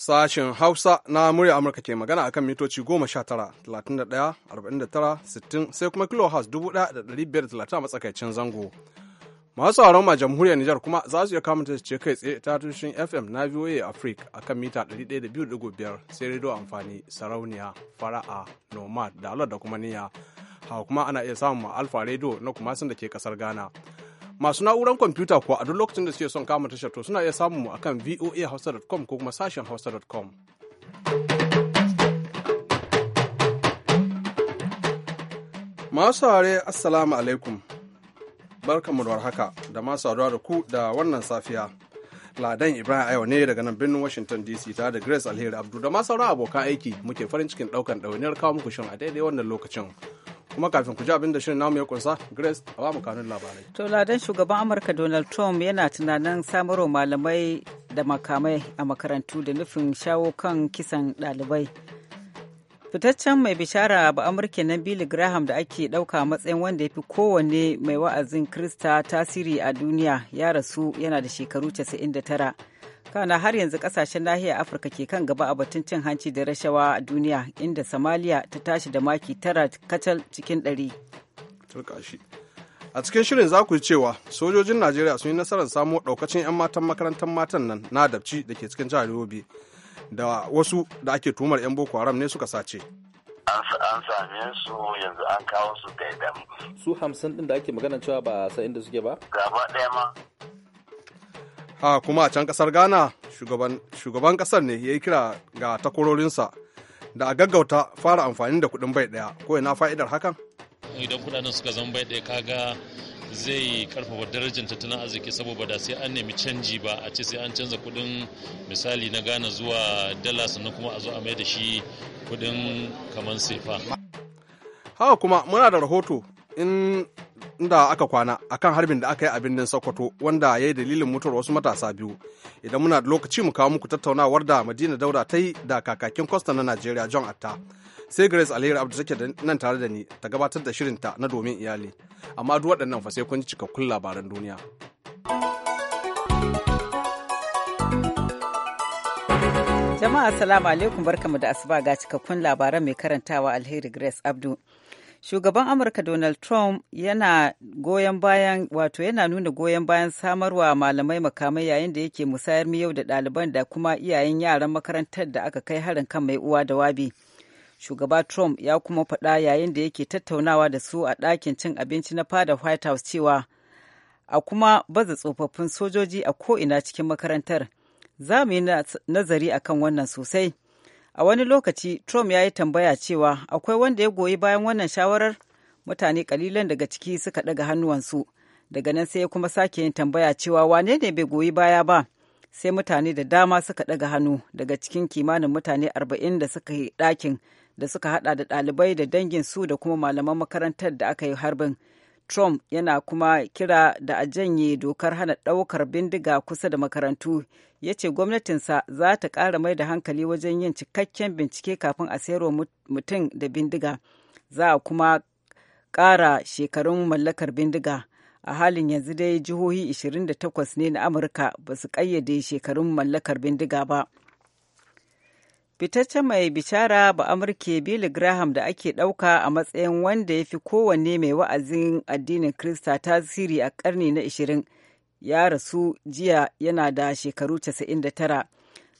Sashen Hausa na murya Amurka ke magana akan mitoci 19, 31, 49, 60 sai kuma kilohertz 1530 a matsakaicin zango. Masu sauraron ma jamhuriyar Nijar kuma za su iya kamata ce kai tsaye ta tushen FM na VOA Africa akan mita 102.5 sai rediyo amfani sarauniya, fara'a, nomad, dalar da kuma niyya. Hawa kuma ana iya samun alfa rediyo na kuma sun da ke kasar Ghana. Masu na'urar kwamfuta kuwa a duk lokacin da suke son kama tashar to suna iya samun mu kan voahausa.com ko kuma sashen hausa.com. Masu saurare Assalamu alaikum. Barkanmu da warhaka da masu saduwa da ku da wannan safiya. Ladan Ibrahim Ayo ne daga nan birnin Washington DC tare da Grace Alheri Abdu da ma sauran abokan aiki muke farin cikin daukan dauniyar kawo muku shan a daidai wannan lokacin. kuma kafin ku ji abin da shirin namu ya kunsa grace a mu kanun labarai to ladan shugaban amurka donald trump yana tunanin samarwa malamai da makamai a makarantu da nufin shawo kan kisan ɗalibai fitaccen mai bishara ba amurka na billy graham da ake ɗauka matsayin wanda ya fi kowanne mai wa'azin krista tasiri a duniya ya rasu yana da shekaru 99 kana har yanzu kasashen nahiyar afirka ke kan gaba a batun cin hanci da rashawa a duniya inda samaliya ta tashi da maki tara kacal cikin ɗari a cikin shirin za ku yi cewa sojojin najeriya sun yi nasarar samo ɗaukacin 'yan matan makarantar matan nan na dabci da ke cikin jihar yobe da wasu da ake tumar 'yan boko haram ne suka sace an same su yanzu an kawo su daidam su hamsin din da ake magana cewa ba sa inda suke ba gaba ɗaya ma a kuma a can kasar ghana shugaban kasar ne ya yi kira ga takwarorinsa da a gaggauta fara amfani da kuɗin bai ɗaya ko ina fa'idar hakan idan kudaden suka zama bai ɗaya kaga zai karfafa darajar tattalin arziki saboda da sai an nemi canji ba a ce sai an canza kuɗin misali na ghana zuwa dala sannan kuma a zo a mai da shi kuɗin kamar sefa haka kuma muna da rahoto in da aka kwana akan harbin da aka yi a birnin Sokoto wanda ya yi dalilin mutuwar wasu matasa biyu. Idan muna da lokaci mu kawo muku tattaunawar da Madina Dauda ta yi da kakakin kwasta na Najeriya John Atta. Sai Grace Alheri Abdu take nan tare da ni ta gabatar da shirinta na domin iyali. Amma duk waɗannan fa sai kun ji cikakkun labaran duniya. Jama'a assalamu alaikum barkamu da asuba ga cikakkun labaran mai karantawa Alheri Grace Abdu. shugaban amurka donald trump yana goyon bayan wato yana nuna goyon bayan samarwa malamai makamai yayin da yake musayar miyau da ɗaliban da kuma iyayen yaran makarantar da aka kai harin kan mai uwa da wabi shugaba trump ya kuma faɗa yayin da yake tattaunawa da su a ɗakin cin abinci na fada white house cewa a kuma baza tsofaffin sojoji a ko'ina cikin makarantar za mu yi nazari akan wannan sosai a wani lokaci trump ya yi tambaya cewa akwai wanda ya goyi bayan wannan shawarar mutane kalilan daga ciki suka daga hannuwansu daga nan sai ya kuma sake yin tambaya cewa wane ne bai goyi baya ba sai mutane da dama suka daga hannu daga cikin kimanin mutane arba'in da suka yi dakin da suka hada da ɗalibai da dangin su da kuma malaman makarantar da aka yi harbin Trump yana kuma kira da a janye dokar hana ɗaukar bindiga kusa da makarantu. Ya ce gwamnatinsa za ta ƙara mai da hankali wajen yin cikakken bincike kafin a sayarwa mutum da bindiga. Za a kuma ƙara shekarun mallakar bindiga. A halin yanzu dai jihohi 28 ne na Amurka ba su ƙayyade shekarun mallakar bindiga ba. fitaccen mai bishara ba amurke billy graham da ake ɗauka a matsayin wanda ya fi kowanne mai wa'azin addinin krista tasiri a ƙarni na 20 ya rasu jiya yana da shekaru 99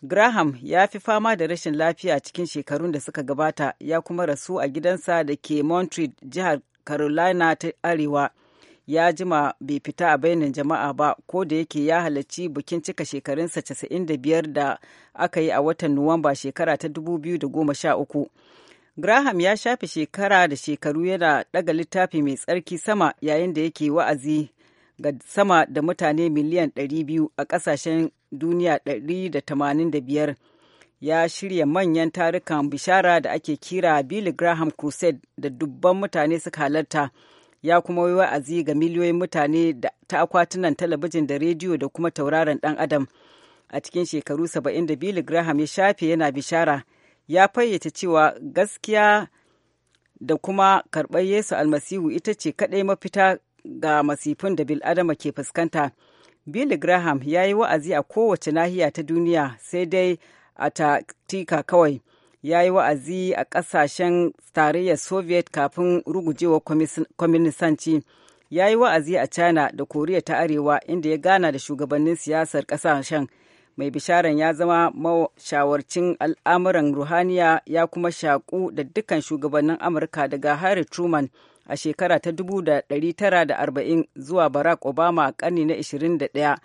graham ya fi fama da rashin lafiya cikin shekarun da suka gabata ya kuma rasu a gidansa da ke montreal jihar carolina ta arewa ya jima bai fita a bainin jama'a ba ko da yake ya halarci bikin cika shekarunsa 95 da aka yi a watan nuwamba shekara ta 2013 graham ya shafe shekara da shekaru yana daga littafi mai tsarki sama yayin da yake wa'azi ga sama da mutane miliyan 200 a kasashen duniya 185 ya shirya manyan tarukan bishara da ake kira Billy Graham Crusade da dubban mutane suka halarta ya kuma yi wa'azi ga miliyoyin mutane ta akwatunan talabijin da rediyo da kuma tauraron dan adam a cikin shekaru 72 graham ya shafe yana bishara ya fayyace cewa gaskiya da kuma karɓar yesu almasihu ita ce kaɗai mafita ga masifin da bil'adama ke fuskanta billy graham ya yi wa'azi a kowace nahiya ta duniya sai dai a ta kawai ya yi wa'azi a ƙasashen tarayyar soviet kafin rugujewa kwaminisanci ya yi wa'azi a china da koriya ta arewa inda ya gana da shugabannin siyasar ƙasashen mai bisharan ya zama mashawarcin al'amuran ruhaniya ya kuma shaƙu da dukkan shugabannin amurka daga harry truman a shekara ta 1940 zuwa barack obama a ƙarni na 21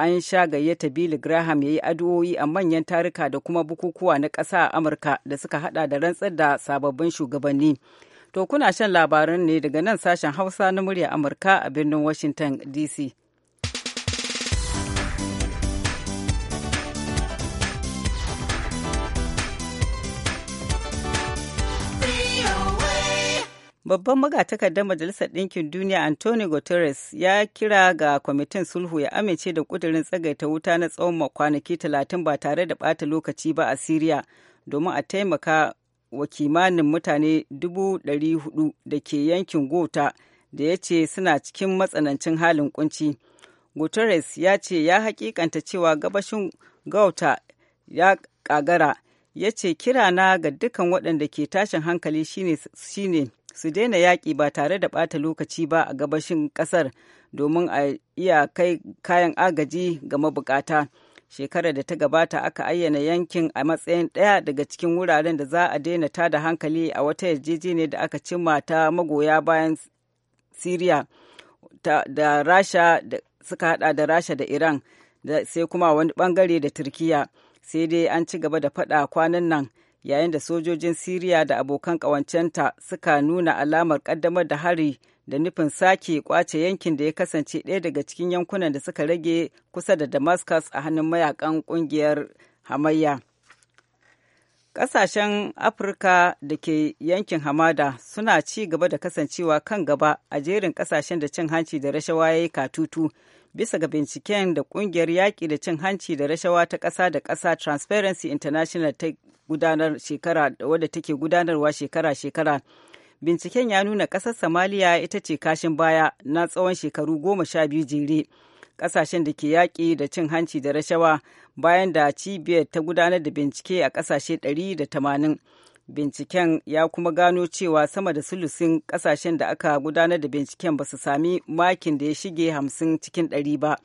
an sha gayyata Billy Graham ya yi addu'o'i a manyan tarika da kuma bukukuwa na ƙasa a Amurka da suka hada da rantsar da sababbin shugabanni. To kuna shan labaran ne daga nan sashen Hausa na murya Amurka a birnin Washington DC. babban magatakardar majalisar ɗinkin duniya antonio guterres ya kira ga kwamitin sulhu ya amince da ƙudurin tsagaita wuta na tsawon kwanaki talatin ba tare da ɓata lokaci ba a Siriya domin a taimaka wa kimanin mutane dubu ɗari hudu da ke yankin gota da ya ce suna cikin matsanancin halin kunci guterres ya ce ya hakikanta cewa gabashin gauta ya kagara ya ce kirana ga dukkan waɗanda ke tashin hankali shine su daina yaƙi ba tare da ɓata lokaci ba a gabashin ƙasar domin a iya kai kayan agaji ga mabukata. Shekarar da ta gabata aka ayyana yankin a matsayin ɗaya daga cikin wuraren da za a daina ta da hankali a wata yarjejeniyar da aka cimma ta magoya bayan Siriya da Rasha suka hada da Rasha da Iran sai kuma wani bangare da Turkiya sai dai an ci gaba da faɗa kwanan nan. yayin da sojojin Siriya da abokan ƙawancenta suka nuna alamar ƙaddamar da hari da nufin sake kwace yankin da ya kasance ɗaya daga cikin yankunan da suka rage kusa da Damascus a hannun mayakan ƙungiyar hamayya. Ƙasashen Afirka da ke yankin hamada suna ci gaba da kasancewa kan gaba a jerin ƙasashen da cin hanci da rashawa ya yi katutu bisa ga binciken da kungiyar yaƙi da cin hanci da rashawa ta ƙasa da ƙasa transparency international ta gudanar shekara da wadda take gudanarwa shekara-shekara binciken ya nuna ƙasar samaliya ita ce kashin baya na tsawon shekaru goma sha biyu jere ƙasashen da ke yaƙi da cin hanci da rashawa bayan da cibiyar ta gudanar da bincike a ƙasashe ɗari da tamanin binciken ya kuma gano cewa sama da sulusin kasashen da aka gudanar da binciken ba su sami makin da ya shige hamsin cikin ɗari ba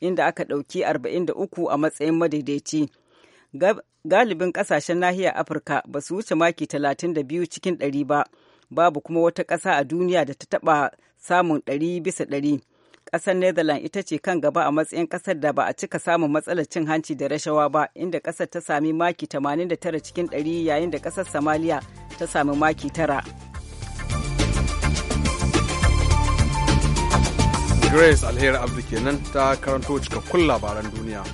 inda aka ɗauki da uku a matsayin madaidaici galibin kasashen nahiyar afirka ba su wuce maki talatin 32 cikin ɗari ba babu kuma wata ƙasa a duniya da ta taɓa samun ɗari bisa ɗari kasar Netherlands ita ce kan gaba a matsayin kasar da ba a cika samun matsalar cin hanci da rashawa ba, inda kasar ta sami maki 89 cikin 100 yayin da kasar Somalia ta sami maki tara. Grace Alheri Abdu kenan ta karanto cikakkun labaran duniya.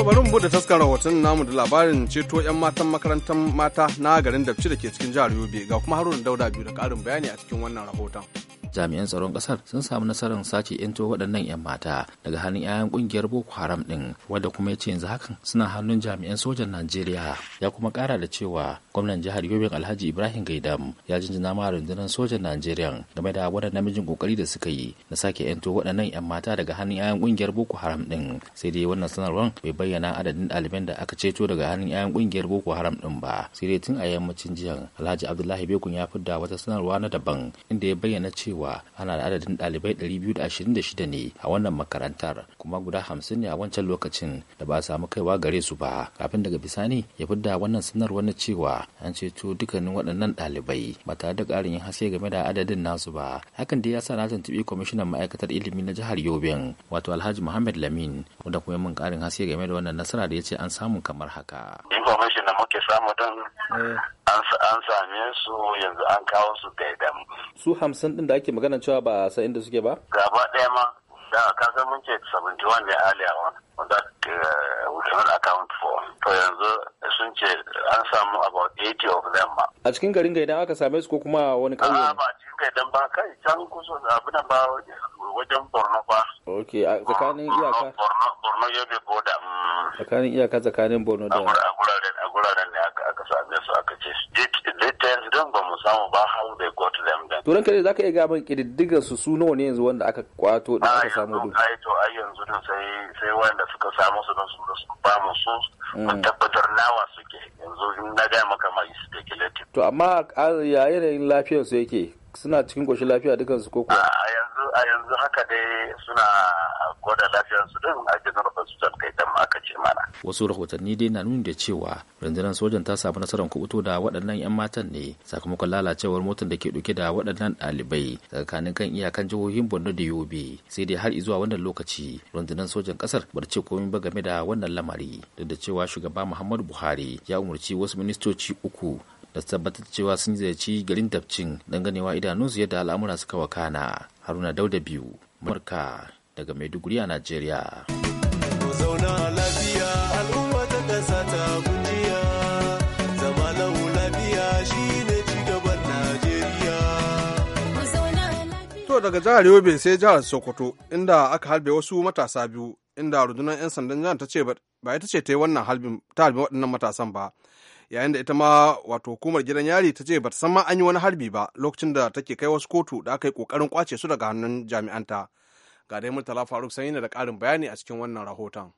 to bari mu da taskar rahoton namu da labarin ceto 'yan matan makarantar mata na garin dabci da ke cikin jihar yobe ga kuma haruna dauda biyu da karin bayani a cikin wannan rahoton jami'an tsaron kasar sun samu nasarar sace yanto waɗannan 'yan mata daga hannun 'ya'yan ƙungiyar boko haram ɗin wadda kuma ya ce yanzu hakan suna hannun jami'an sojan najeriya ya kuma ƙara da cewa gwamnan jihar yobin alhaji ibrahim gaidam ya jinjina ma rundunar sojan najeriya game da wadda namijin kokari da suka yi na sake yanto waɗannan 'yan mata daga hannun 'ya'yan kungiyar boko haram ɗin sai dai wannan sanarwar bai bayyana adadin ɗaliban da aka ceto daga hannun 'ya'yan ƙungiyar boko haram ɗin ba sai dai tun a yammacin jiya alhaji abdullahi bekun ya fidda wata sanarwa na daban inda ya bayyana cewa cewa ana da adadin ɗalibai 226 ne a wannan makarantar kuma guda 50 ne a wancan lokacin da ba a samu kaiwa gare su ba kafin daga bisani ya fidda wannan sanarwar na cewa an ceto dukkanin waɗannan ɗalibai ba tare da ƙarin yin haske game da adadin nasu ba hakan dai ya sa na tuntuɓi kwamishinan ma'aikatar ilimi na jihar Yobin wato Alhaji Muhammad Lamin wanda kuma min ƙarin haske game da wannan nasara da ya ce an samu kamar haka. an same su yanzu an kawo su daidam. Su hamsin din da ake magana cewa ba sa inda suke ba? Gaba ɗaya ma da ka san mun ce 71 ne aliyawa wanda we cannot account for. To yanzu sun ce an samu about 80 of them ma. A cikin garin gaidan aka same su ko kuma wani ƙauye? A ba cikin gaidan ba kai can kusa abin ba wajen Borno ba. Ok a tsakanin iyaka. Borno Yobe Boda. Mm. Tsakanin iyaka tsakanin Borno da. A guraren a guraren ne aka same su aka ce details don ba mu samu ba how they got them then. Turan kare za ka iya gaban kididdigar su su nawa ne yanzu wanda aka kwato da aka samu duk. Ai to ai yanzu din sai sai wanda suka samu su don su ba mu su mun mm. tabbatar nawa suke yanzu na gaya maka mai speculative to amma a yanayin lafiyar su yake suna cikin koshin lafiya dukan su koko a yanzu a yanzu haka dai suna gwada lafiyar su din a wasu rahotanni dai na nuni da cewa rundunar sojan ta samu nasarar kubuto da waɗannan 'yan matan ne sakamakon lalacewar motar da ke ɗauke da waɗannan ɗalibai tsakanin kan iyakan jihohin borno da yobe sai dai har zuwa wannan lokaci rundunar sojan ƙasar ba ce komai ba game da wannan lamari duk da cewa shugaba muhammadu buhari ya umarci wasu ministoci uku da tabbatar cewa sun ziyarci garin dabcin don ganewa idanunsu yadda al'amura suka wakana haruna dauda biyu amurka daga maiduguri a najeriya daga jihar Yobe sai jihar Sokoto inda aka harbe wasu matasa biyu inda rundunar 'yan sandan jihar ta ce ba ita ce ta yi wannan halbin ta halbe waɗannan matasan ba yayin da ita ma wato hukumar gidan yari ta ce ba san ma an yi wani harbi ba lokacin da take kai wasu kotu da aka yi kokarin kwace su daga hannun jami'anta ga dai murtala faruk sanyi da karin bayani a cikin wannan rahoton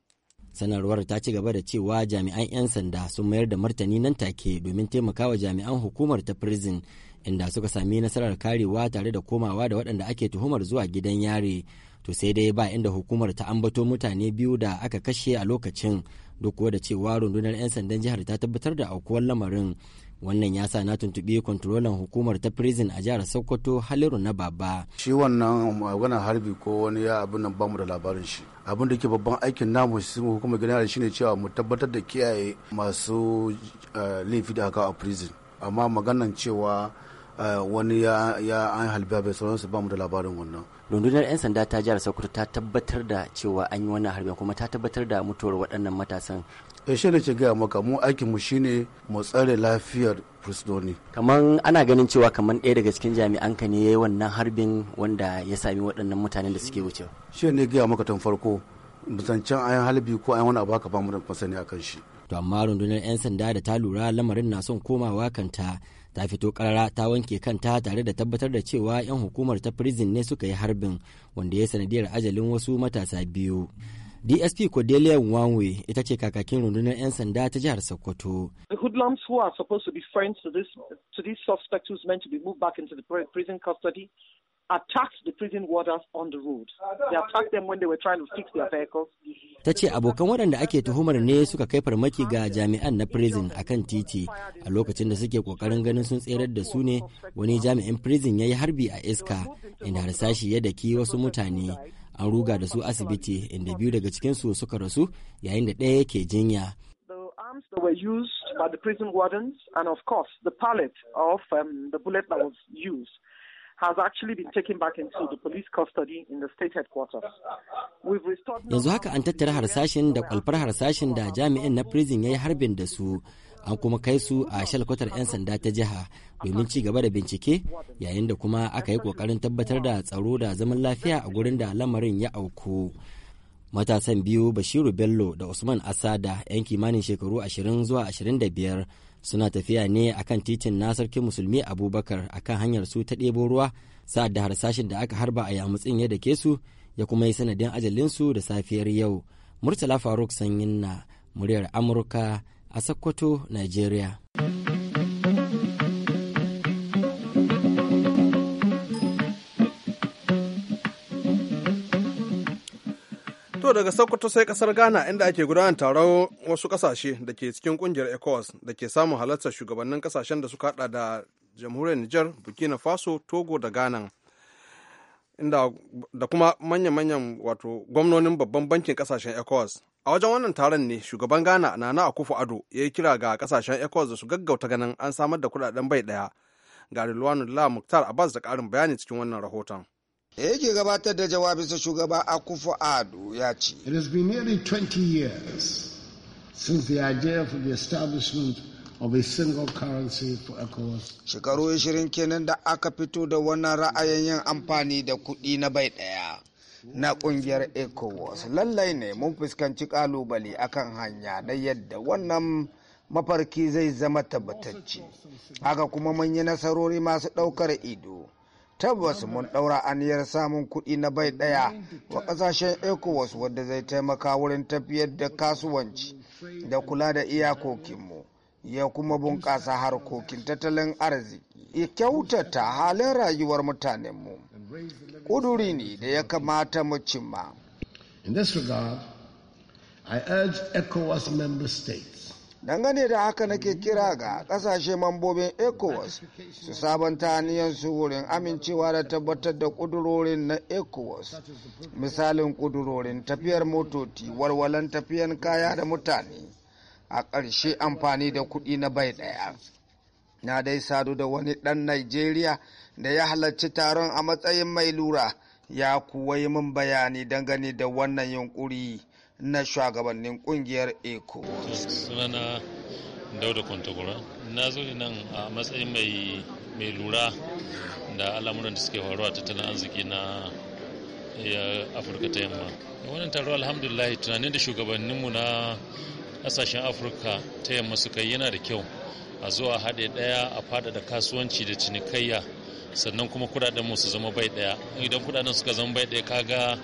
sanarwar ta ci gaba da cewa jami'an 'yan sanda sun mayar da martani nan take domin taimakawa jami'an hukumar ta prison inda suka sami nasarar karewa tare da komawa da waɗanda ake tuhumar zuwa gidan yare to sai dai ba inda hukumar ta ambato mutane biyu da aka kashe a lokacin duk da cewa rundunar 'yan sandan jihar ta tabbatar da aukuwar lamarin wannan ya sa na tuntuɓi kwantrolan hukumar ta prison a jihar sokoto haliru na baba shi wannan magana harbi ko wani ya abin nan bamu da labarin shi abin da ke babban aikin namu sun hukumar gidan shine cewa mu tabbatar da kiyaye masu eh, laifi da haka a prison amma maganan cewa Eh, wani ya an halba bai sauransu ba mu da labarin wannan rundunar 'yan sanda ta jihar sokoto ta tabbatar da cewa an yi wannan harbin kuma ta tabbatar da mutuwar waɗannan matasan ya eh, shi ke gaya maka mu aikin mu shine mu tsare lafiyar fursunoni kamar ana ganin cewa kamar ɗaya daga cikin jami'an ka ne ya yi wannan harbin wanda ya sami waɗannan mutanen da suke wucewa shi ne gaya maka tun farko zancen ayan halbi ko ayan wani abu haka ba mu da masani akan shi to amma rundunar 'yan sanda da ta lura lamarin na son komawa kanta ta fito karara ta wanke kanta tare da tabbatar da cewa 'yan hukumar ta prison ne suka yi harbin wanda ya sanadiyar ajalin wasu matasa biyu dsp cordelia wanwe ita ce kakakin rundunar 'yan sanda ta jihar sokoto the hoodlums who are supposed to be friends to this to these suspects meant to be moved back into the prison custody attacked the prison warders on the road. They attacked them when they were trying to fix their vehicles. Ta ce abokan waɗanda ake tuhumar ne suka kai farmaki ga jami'an na prison akan titi a lokacin da suke kokarin ganin sun tserar da su ne wani jami'in prison ya yi harbi a iska inda harsashi ya daki wasu mutane an ruga da su asibiti inda biyu daga cikinsu suka rasu yayin da ɗaya yake jinya. arms that were used by the prison wardens and of course the pallet of um, the bullet that was used has actually been taken the police custody in the state headquarters. We've Yanzu haka an tattara harsashin da kwalfar harsashin da jami'in na prison ya yi harbin da su an kuma kai su a shalkwatar 'yan sanda ta jiha domin ci gaba da bincike yayin da kuma aka yi kokarin tabbatar da tsaro da zaman lafiya a gurin da lamarin ya auku. Matasan biyu Bashiru Bello da Usman Asada 'yan kimanin shekaru 20 zuwa 25 suna tafiya ne a kan titin na sarki musulmi abubakar a kan hanyar su ta ɗebo ruwa sa'ad da harsashin da aka harba a yamutsin ya dake su ya kuma yi sanadin ajalinsu da safiyar yau murtala faruk sanyin na muryar amurka a sokoto nigeria. To daga Sokoto sai kasar Ghana inda ake gudanar taron wasu kasashe da ke cikin kungiyar ECOWAS da ke samun halartar shugabannin kasashen da suka hada da jamhuriyar Nijar, Burkina Faso, Togo da Ghana. Inda da kuma manyan-manyan wato gwamnonin babban bankin kasashen ECOWAS. A wajen wannan taron ne shugaban Ghana Nana Akufo Ado ya yi kira ga kasashen ECOWAS da su gaggauta ganin an samar da kudaden bai ɗaya Ga Rilwanu La Muktar Abbas da karin bayani cikin wannan rahoton. da yake gabatar da jawabinsa shugaba akufo ado ya ce it has been nearly 20 years since the idea of the establishment of a single currency for ECOWAS. Shekaru 20 kenan da aka fito da wannan ra'ayin yin amfani da kuɗi na bai ɗaya na ƙungiyar ECOWAS. Lallai ne mun fuskanci ƙalubale akan hanya na yadda wannan mafarki zai zama tabbatacce. Haka kuma mun yi nasarori masu ɗaukar ido. tabbas mun ɗaura aniyar samun kuɗi na bai ɗaya wa ƙasashen ecowas wadda zai taimaka wurin tafiyar da kasuwanci da kula da iyakokinmu ya kuma bunƙasa harkokin tattalin arziki ya kyautata halin rayuwar mutanenmu ƙuduri ne da ya kamata mu cimma. In this regard, I urge ECOWAS member states dangane da haka nake kira ga kasashe mambobin ecowas su sabanta su wurin amincewa da tabbatar da kudurorin na ecowas misalin kudurorin tafiyar motoci walwalan tafiyan kaya da mutane a ƙarshe amfani da kuɗi na bai ɗaya na dai sadu da wani ɗan nigeria da ya halarci taron a matsayin mai lura ya kuwa yi min bayani dangane da wannan yunkuri na shugabannin kungiyar eco sunana dauda kwantagura na zo nan a matsayin mai mai lura da al'amuran da suke faruwa tattalin arziki na afirka ta yamma wannan taro alhamdulillah tunanin da shugabanninmu na kasashen afirka ta yamma suka yi yana da kyau a zo a haɗe ɗaya a faɗaɗa kasuwanci da cinikayya sannan kuma kudaden mu su zama bai ɗaya idan kudaden suka zama bai ɗaya kaga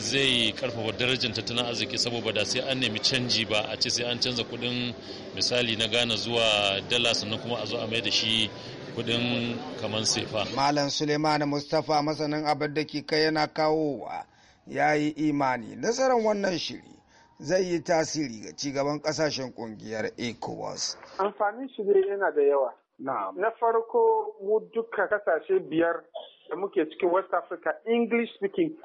zai karfafa darajar tattalin arziki saboda da sai an nemi canji ba a ce sai an canza kudin misali na gana zuwa dala sannan kuma a zo a mai da shi kudin kamar sefa malam suleiman mustapha masanin abin da ke kai yana kawowa ya yi imani nasarar wannan shiri zai yi tasiri ga cigaban kasashen kungiyar ecowas amfanin shiri yana da yawa na farko mu duka kasashe biyar da muke cikin west africa english speaking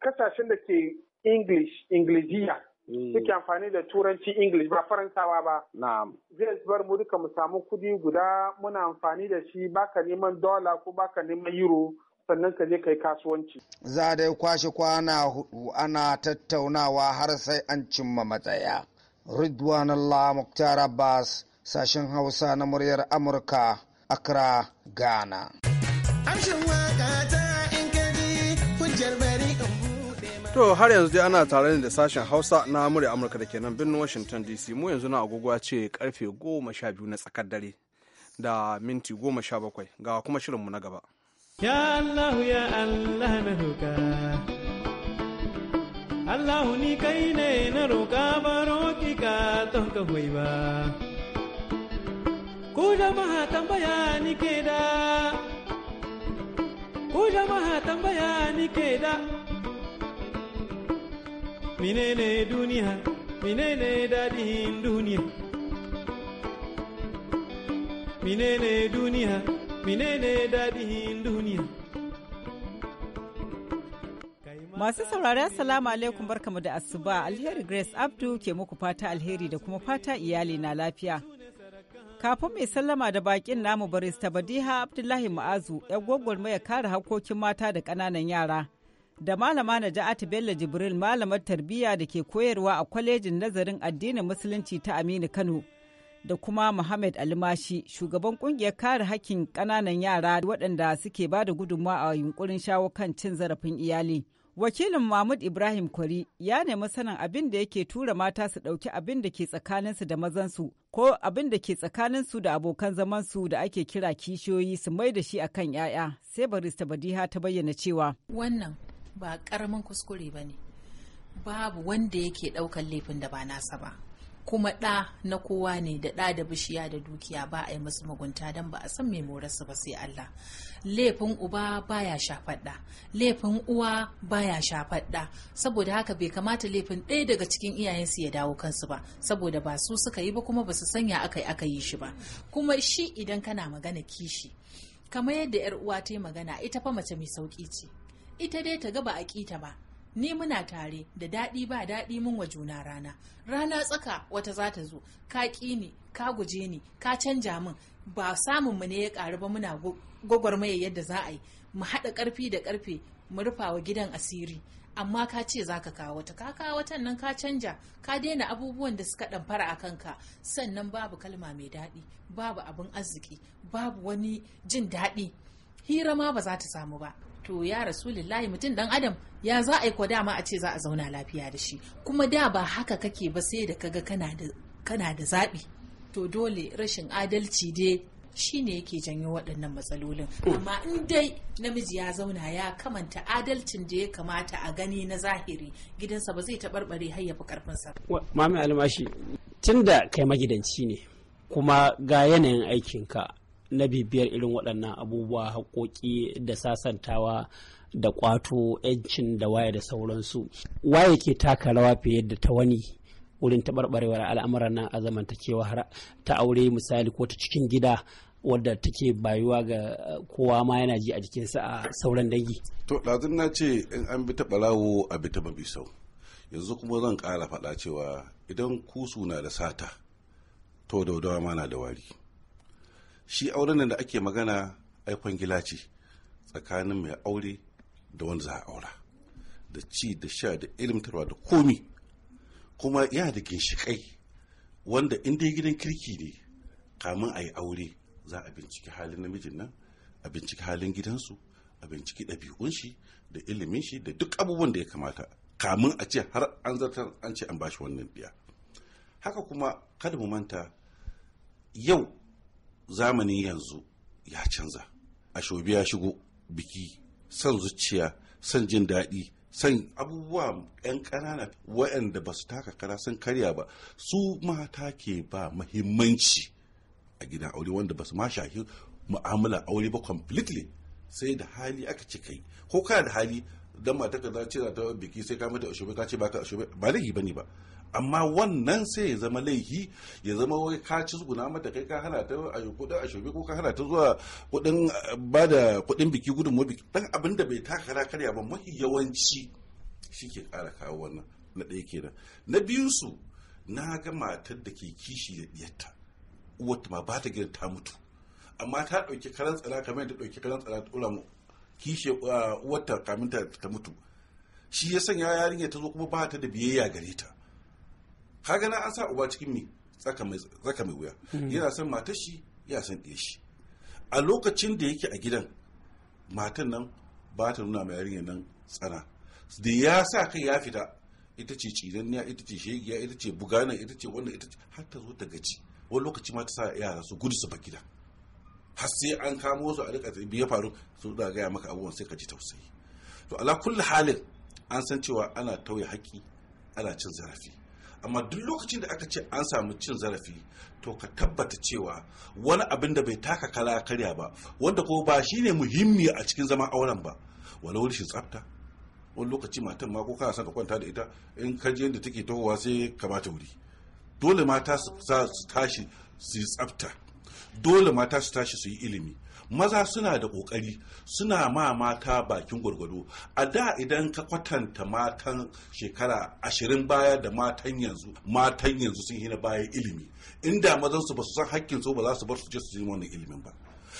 kasashen da ke English, inglijiya hmm. suke amfani da turanci English ba Faransawa ba. Zai zubar mu duka mu samu kudi guda muna amfani da shi baka neman dola ko baka neman euro sannan ka je kai kasuwanci. Za dai kwashe kwana hudu ana tattaunawa har sai an cimma matsaya. Ridwan Allah Muktar Abbas sashen Hausa na muryar Amurka Accra Ghana. Amshin waka ta in kaji hujjar To har yanzu dai ana tare ne da sashen Hausa na murya Amurka da ke nan birnin Washington DC mu yanzu na agogo ce karfe goma sha biyu na tsakar dare da minti goma sha bakwai ga kuma shirinmu na gaba. Ya Allah ya Allah na roƙa. Allah ni kai ne na roƙa ba ki ka ton ka hoyi ba. Ku jama'a tambaya ni ke da. Ku jama'a tambaya ni ke da. menene duniya menene dadihin duniya menene duniya menene duniya Masu saurari Assalamu alaikum barkamu da asuba alheri Grace Abdu ke muku fata alheri da kuma fata iyali na lafiya. Kafin mai sallama da bakin namu barista Badiha Abdullahi Ma'azu, 'yan gwagwarmaya kare harkokin mata da ƙananan yara. da malama Naja'atu Bello Jibril malamar tarbiyya da ke koyarwa a kwalejin nazarin addinin musulunci ta Aminu Kano da kuma Muhammad Almashi shugaban kungiyar kare hakkin ƙananan yara waɗanda suke ba da gudunmawa a yunkurin shawo kan cin zarafin iyali. Wakilin Mahmud Ibrahim Kwari ya nemi sanin abin da yake tura mata su ɗauki abin da ke tsakaninsu da mazansu ko abin da ke tsakaninsu da abokan zamansu da ake kira kishiyoyi su mai da shi akan 'ya'ya sai barista Badiha ta bayyana cewa. Wannan ba karamin kuskure ba ne babu wanda yake daukan laifin da ba nasa ba kuma ɗa na kowa ne da ɗa da bishiya da dukiya ba a yi masu mugunta don ba a san mai su ba sai Allah laifin uba baya shafar ɗa laifin uwa baya shafar ɗa saboda haka bai kamata laifin ɗaya daga cikin iyayensu ya dawo kansu ba saboda ba su suka yi ba kuma ba su sanya aka yi aka yi shi ba kuma shi idan kana magana kishi kamar yadda yar uwa ta yi magana ita fa mace mai sauki ce ita dai ta ga ba a kita ba ni muna tare da daɗi ba daɗi mun wa juna rana rana tsaka wata za ta zo ka ƙi ni ka guje ni ka canja min ba samun mu ne ya ƙaru ba muna gwagwarmaya yadda za a yi mu haɗa ƙarfi da ƙarfe mu rufa wa gidan asiri amma ka ce za ka kawo ta ka kawo watan nan ka canja ka daina abubuwan da suka ɗamfara a kanka sannan babu kalma mai daɗi babu abin arziki babu wani jin daɗi hira ma ba za ta samu ba to ya rasulillahi mutum dan adam ya za a yi kwa dama a ce za a zauna lafiya da shi kuma da ba haka kake ba sai da kaga kana da kana da zaɓi to dole rashin adalci dai shi ne yake janyo waɗannan matsalolin amma in dai namiji ya zauna ya kamanta adalcin da ya kamata a gani na zahiri gidansa ba zai taɓarɓare har ya fi ƙarfinsa. mami almashi tun kai magidanci ne kuma ga yanayin aikinka na bibiyar irin waɗannan abubuwa haƙoƙi da sasantawa da ƙwato 'yancin da waye da sauransu waye ke taka rawa fiye da ta wani wurin taɓarɓarewar al'amuran nan a zamantakewa har ta aure misali ko ta cikin gida wadda take bayuwa ga kowa ma yana ji a jikinsa a sauran dangi. To ɗazun na ce in an bi ta rawo a bi ta mabi sau. Yanzu kuma zan ƙara faɗa cewa idan kusu na da sata to daudawa ma na da wari. shi auren da ake magana ai gila ce tsakanin mai aure da wanda za a aura da ci da sha da ilimtarwa da komi kuma yana da ginshiƙai wanda in dai gidan kirki ne kamun a yi aure za a binciki halin namijin nan a binciki halin gidansu a binciki ɗabi'un shi da ilimin shi da duk abubuwan da ya kamata kamun a ce har an zartar an ce an bashi wannan biya haka kuma kada mu manta yau zamani yanzu ya canza ashobi ya shigo biki son zuciya son jin daɗi son abubuwa 'yan ƙanana waɗanda ba su taka kara sun karya ba su mata ke ba mahimmanci a gidan aure wanda ba su ma shahi mu'amala aure ba completely sai da hali aka ci kai ko kana da hali dan mata ka za ce za ta biki sai ka mata ashube ka ce ba a ba laifi bane ba amma wannan sai ya zama laifi ya zama wai ka ci tsuguna mata kai ka hana ta a kudin ashube ko ka hana ta zuwa kudin ba da kudin biki gudun biki dan abin da bai taka kara karya ba mafi yawanci shike kara kawo wannan na ɗaya kenan na biyun su na ga matar da ke kishi da diyarta uwarta ma ba ta ta mutu amma ta ɗauki karan tsara kamar yadda ɗauki karan tsara ta ɗora mu kishe uh, uwarta kaminta ta mutu shi ya sanya yarinya ta zo kuma ba ta da biyayya gare ta kaga na an sa uba cikin mi tsaka mai wuya hmm. yana san matar shi yana san ɗaya shi a lokacin da yake a gidan matan nan ba ta nuna ma yarinya nan tsana da ya sa kai ya fita ita ce cidanniya ita ce shegiya ita ce bugana ita ce wannan ita ce har ta zo ta gaji wani lokaci ma ta sa yara su gudu su ba gida har sai an kamo su a rika ya faru su da gaya maka abubuwan sai ka ji tausayi to ala kulli halin an san cewa ana tauye haƙƙi ana cin zarafi amma duk lokacin da aka ce an samu cin zarafi to ka tabbata cewa wani abin da bai taka kala karya ba wanda ko ba shine muhimmi a cikin zama auren ba walau shi tsafta wani lokaci matan ma ko kana son ka kwanta da ita in ka je yadda take tahowa sai ka bata wuri dole mata su tashi su yi tsafta dole mata su tashi su yi ilimi maza suna da kokari suna ma mata bakin gwargwado a da idan ka kwatanta matan shekara ashirin baya da matan yanzu matan yanzu sun hina baya ilimi inda mazan su ba su san hakkin su ba za su bar su je su yi wannan ilimin ba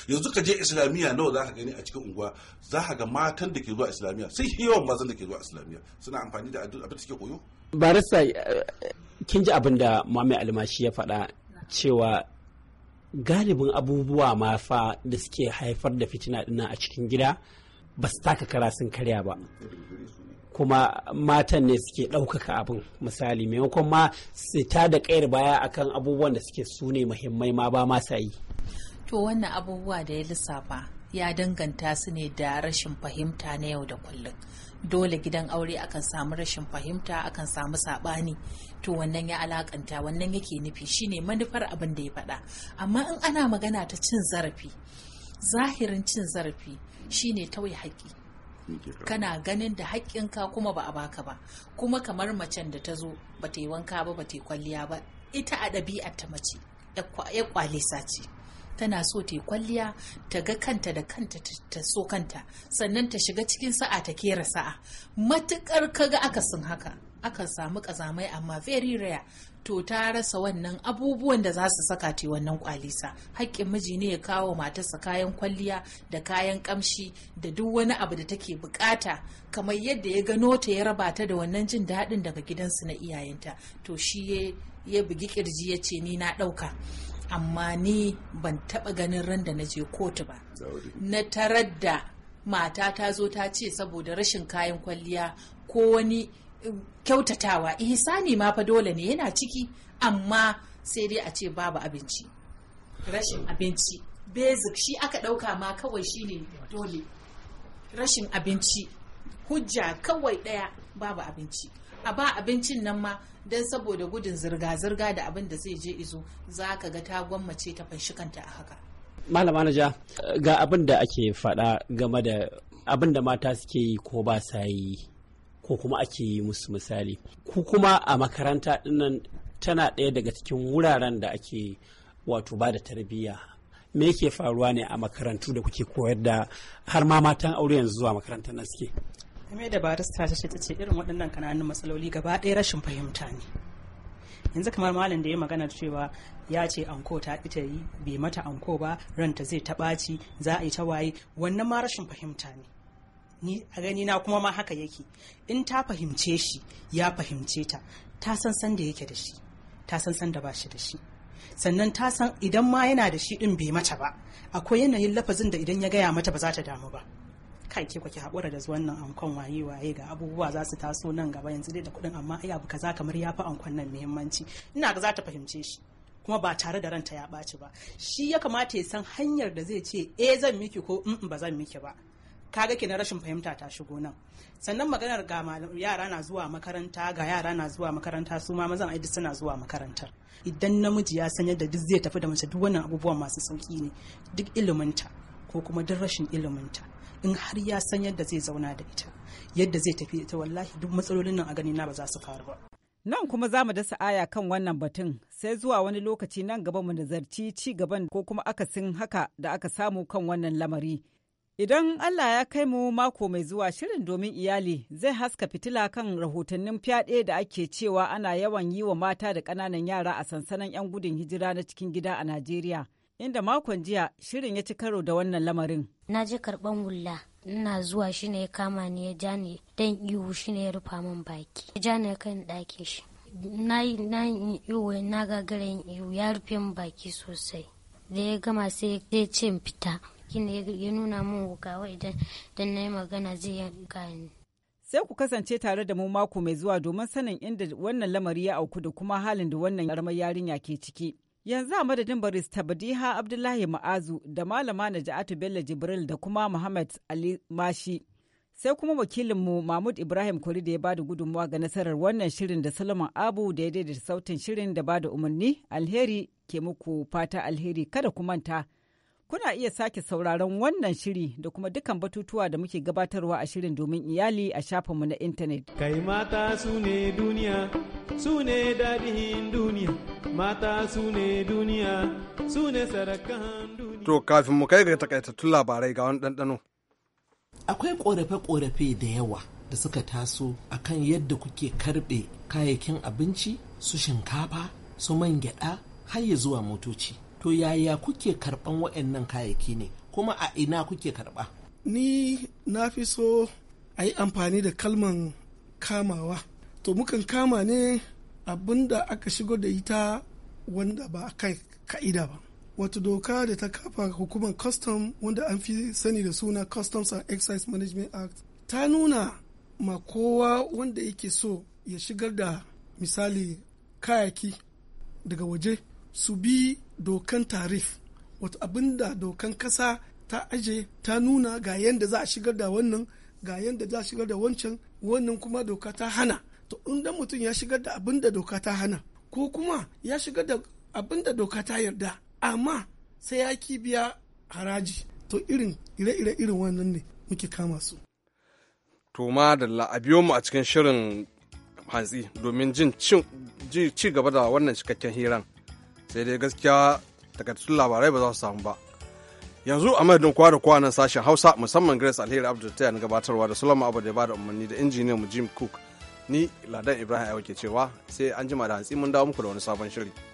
yanzu ka je islamiyya nawa za ka gani a cikin unguwa za ka ga matan da ke zuwa islamiyya sai yawan mazan da ke zuwa islamiyya suna amfani da abin da suke koyo barista eh, kin ji abin da mamaye almashi ya faɗa cewa galibin abubuwa ma fa da suke haifar da fitina dinnan a cikin gida ba su taka kara sun karya ba kuma matan ne suke ɗaukaka abin misali maimakon ma su ta da ƙayar baya akan abubuwan da suke su ne muhimmai ma ba ma yi to wannan abubuwa da ya lissafa ya danganta su ne da rashin fahimta na yau da kullum dole gidan aure akan samu rashin fahimta akan samu sabani to wannan ya alakanta wannan yake nufi shine manufar abin da ya faɗa amma in ana magana ta cin zarafi zahirin cin zarafi shine tawai haƙƙi kana ganin da haƙƙinka kuma ba a baka ba kuma kamar macen da ta zo ba ta yi wanka ba ba ta yi kwalliya ba ita a ɗabi'a ta mace ya kwalisa ce tana so ta kwalliya ta ga kanta da kanta ta so kanta sannan ta shiga cikin sa'a ta kera sa'a matukar kaga akasin haka aka samu kazamai amma very rare to ta rasa wannan abubuwan da za su saka ta wannan kwalisa Hakkin miji ne ya kawo matarsa kayan kwalliya da kayan kamshi da duk wani abu da take bukata kamar yadda ya gano ta ya raba ta da wannan jin daɗin daga gidansu na iyayenta to shi ya bugi kirji ya ce ni na ɗauka amma ni ban taɓa ganin ran da na je kotu ba na tarar da mata ta zo ta ce saboda rashin kayan kwalliya ko wani eh, kyautatawa ihsani ma fa dole ne yana ciki amma sai dai a ce babu abinci rashin abinci basic shi aka ɗauka ma kawai shi ne dole rashin abinci hujja kawai ɗaya babu abinci a ba abincin nan ma don saboda gudun zirga-zirga da abin da zai je izo za ka ga ta gwammace ta fanshi kanta a haka malama naja ga abin da ake faɗa game da abin da mata suke yi ko ba sa yi ko kuma ake yi musu misali ku kuma a makaranta dinnan tana ɗaya daga cikin wuraren da ake wato ba da tarbiyya me yake faruwa ne a makarantu da kuke koyar da har ma matan aure yanzu zuwa makarantar nan suke game da barista ta ce ta ce irin waɗannan kananun matsaloli gaba ɗaya rashin fahimta ne yanzu kamar malam da ya magana cewa ya ce anko ta ita yi bai mata anko ba ranta zai ta ɓaci za a yi ta waye wannan ma rashin fahimta ne ni a gani na kuma ma haka yake in ta fahimce shi ya fahimce ta ta san san da yake da shi ta san san da ba shi da shi sannan ta san idan ma yana da shi din bai mata ba akwai yanayin lafazin da idan ya gaya mata ba za ta damu ba kai ke kwaki haƙura da wannan ankon waye waye ga abubuwa za su taso nan gaba yanzu dai da kuɗin amma ai abu kaza kamar ya fi ankon nan muhimmanci ina ga za ta fahimce shi kuma ba tare da ranta ya ɓaci ba shi ya kamata ya san hanyar da zai ce eh zan miki ko in mm, ba zan miki ba kaga ke na rashin fahimta ta shigo nan sannan maganar ga yara na zuwa makaranta ga yara na zuwa makaranta su ma mazan aidi suna zuwa makarantar idan namiji ya san yadda duk zai tafi da mace duk wannan abubuwan masu sauki ne duk iliminta ko kuma duk rashin iliminta in har ya san yadda zai zauna da ita yadda zai tafi ita wallahi duk matsalolin nan a gani na ba za su faru ba Nan kuma za mu dasa aya kan wannan batun sai zuwa wani lokaci nan gaba mu nazarci ci gaban ko kuma aka akasin haka da aka samu kan wannan lamari. Idan Allah ya kai mu mako mai zuwa shirin domin iyali zai haska fitila kan rahotannin fyaɗe da ake cewa ana yawan yi wa mata da ƙananan yara a sansanin 'yan gudun hijira na cikin gida a Najeriya. inda makon jiya shirin ya ci karo da wannan lamarin. Na ji karɓan wulla, ina zuwa shi ne ya kama ni ya ja ni dan ihu shi ne ya rufa min baki. Ya ja ni kan ɗakin shi. Na yi na ihu na gagara yin ihu ya rufe min baki sosai. Da ya gama sai ya ce fita. Kina ya nuna min wuka wai idan na yi magana zai yanka ni. Sai ku kasance tare da mu mako mai zuwa domin sanin inda wannan lamari ya auku da kuma halin da wannan yarmar yarinya ke ciki. Yanzu a madadin barista Badiha Abdullahi Ma'azu da malama Naja'atu Bello Jibril da kuma Muhammad Ali Mashi. Sai kuma wakilinmu Mahmud Ibrahim Kori da ya bada gudunmawa ga nasarar wannan shirin da Solomon Abu da ya daidaita sautin shirin da bada umarni alheri ke muku fata alheri kada ku manta. Kuna iya sake sauraron wannan shiri da kuma dukkan batutuwa da muke gabatarwa a shirin domin iyali a shafinmu na intanet. Kai mata su ne duniya, su ne daɗin duniya, mata su ne duniya, su ne sarakan duniya. To kafin mu kai ga takaitattun labarai ga wani ɗanɗano. Akwai ƙorafe-ƙorafe da yawa da suka taso akan yadda kuke karɓe kayayyakin abinci su shinkafa su man gyaɗa har ya zuwa motoci. to yaya kuke karban waɗannan kayayyaki ne kuma a ina kuke karba ni na fi so a yi amfani da kalman kamawa to mukan kama ne abinda aka shigo da ita wanda ba a kai ka'ida ba wata doka da ta kafa hukumar custom wanda an fi sani da suna customs and excise management act ta nuna ma kowa wanda yake so ya shigar da misali kayaki daga waje su bi dokan tarif wata abinda dokan kasa ta aje ta nuna ga yadda za a shigar da wannan ga yadda za a shigar da wancan wannan kuma doka ta hana to inda mutum ya shigar da abinda doka ta hana ko kuma ya shigar da abinda doka ta yarda amma sai ya biya haraji to irin ire-ire irin wannan ne muke kama su to ma da a biyo mu a cikin shirin hantsi domin jin ci gaba da wannan cikakken hiran sai dai gaskiya takaitattun labarai ba za su samu ba yanzu a madadin kwa da kwanan nan sashen hausa musamman grace alheri abdul ta na gabatarwa da sulama abu da ba da umarni da injiniyan mu jim cook ni ladan ibrahim ayo ke cewa sai an jima da hantsi mun dawo muku da wani sabon shiri